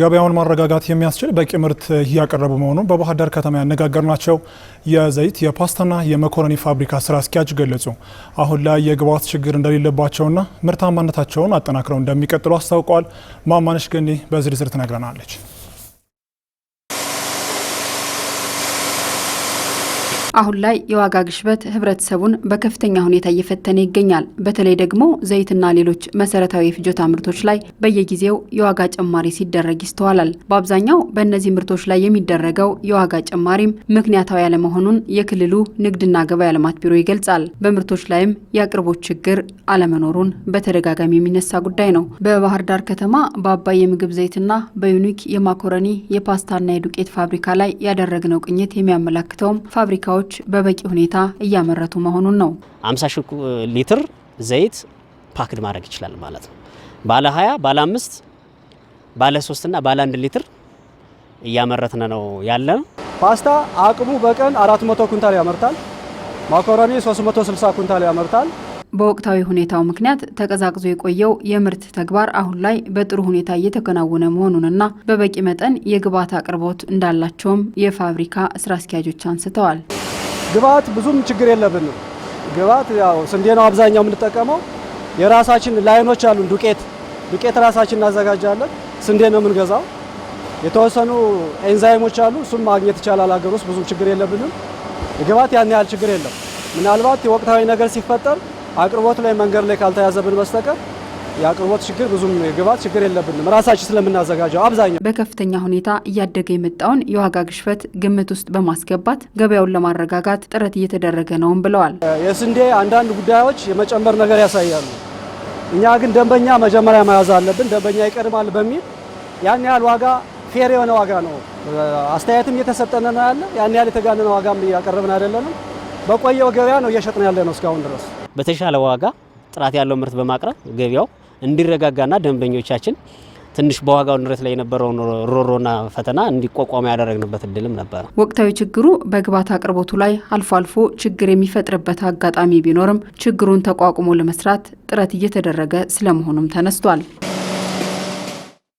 ገበያውን ማረጋጋት የሚያስችል በቂ ምርት እያቀረቡ መሆኑን በባህር ዳር ከተማ ያነጋገርናቸው የዘይት የፓስታና የመኮረኒ ፋብሪካ ስራ አስኪያጅ ገለጹ። አሁን ላይ የግብዓት ችግር እንደሌለባቸውና ምርታማነታቸውን አጠናክረው እንደሚቀጥሉ አስታውቀዋል። ማማነሽ ገኒ በዝርዝር ትነግረናለች። አሁን ላይ የዋጋ ግሽበት ህብረተሰቡን በከፍተኛ ሁኔታ እየፈተነ ይገኛል። በተለይ ደግሞ ዘይትና ሌሎች መሰረታዊ የፍጆታ ምርቶች ላይ በየጊዜው የዋጋ ጭማሪ ሲደረግ ይስተዋላል። በአብዛኛው በእነዚህ ምርቶች ላይ የሚደረገው የዋጋ ጭማሪም ምክንያታዊ ያለመሆኑን የክልሉ ንግድና ገበያ ልማት ቢሮ ይገልጻል። በምርቶች ላይም የአቅርቦት ችግር አለመኖሩን በተደጋጋሚ የሚነሳ ጉዳይ ነው። በባህር ዳር ከተማ በአባይ የምግብ ዘይትና በዩኒክ የማኮረኒ የፓስታና የዱቄት ፋብሪካ ላይ ያደረግነው ቅኝት የሚያመላክተውም ፋብሪካዎች ፋብሪካዎች በበቂ ሁኔታ እያመረቱ መሆኑን ነው። 50 ሺህ ሊትር ዘይት ፓክድ ማድረግ ይችላል ማለት ነው። ባለ 20፣ ባለ 5፣ ባለ 3 እና ባለ 1 ሊትር እያመረትነ ነው ያለ ነው። ፓስታ አቅሙ በቀን 400 ኩንታል ያመርታል። ማኮረኒ 360 ኩንታል ያመርታል። በወቅታዊ ሁኔታው ምክንያት ተቀዛቅዞ የቆየው የምርት ተግባር አሁን ላይ በጥሩ ሁኔታ እየተከናወነ መሆኑንና በበቂ መጠን የግብዓት አቅርቦት እንዳላቸውም የፋብሪካ ስራ አስኪያጆች አንስተዋል። ግብአት ብዙም ችግር የለብንም። ግብአት ያው ስንዴ ነው አብዛኛው የምንጠቀመው። የራሳችን ላይኖች አሉን። ዱቄት ዱቄት ራሳችን እናዘጋጃለን። ስንዴ ነው የምንገዛው። የተወሰኑ ኤንዛይሞች አሉ፣ እሱም ማግኘት ይቻላል። ሀገር ውስጥ ብዙም ችግር የለብንም። ግብአት ያን ያህል ችግር የለም። ምናልባት ወቅታዊ ነገር ሲፈጠር አቅርቦት ላይ መንገድ ላይ ካልተያዘብን በስተቀር የአቅርቦት ችግር ብዙም የግብዓት ችግር የለብንም፣ ራሳችን ስለምናዘጋጀው። አብዛኛው በከፍተኛ ሁኔታ እያደገ የመጣውን የዋጋ ግሽበት ግምት ውስጥ በማስገባት ገበያውን ለማረጋጋት ጥረት እየተደረገ ነውም ብለዋል። የስንዴ አንዳንድ ጉዳዮች የመጨመር ነገር ያሳያሉ። እኛ ግን ደንበኛ መጀመሪያ መያዝ አለብን፣ ደንበኛ ይቀድማል በሚል ያን ያህል ዋጋ ፌር የሆነ ዋጋ ነው አስተያየትም እየተሰጠነ ነው ያለ። ያን ያህል የተጋነነ ዋጋም እያቀረብን አይደለንም። በቆየው ገበያ ነው እየሸጥነው ያለ ነው እስካሁን ድረስ በተሻለ ዋጋ ጥራት ያለው ምርት በማቅረብ ገበያው እንዲረጋጋና ደንበኞቻችን ትንሽ በዋጋው ንረት ላይ የነበረውን ሮሮና ፈተና እንዲቋቋሙ ያደረግንበት እድልም ነበር። ወቅታዊ ችግሩ በግብዓት አቅርቦቱ ላይ አልፎ አልፎ ችግር የሚፈጥርበት አጋጣሚ ቢኖርም ችግሩን ተቋቁሞ ለመስራት ጥረት እየተደረገ ስለመሆኑም ተነስቷል።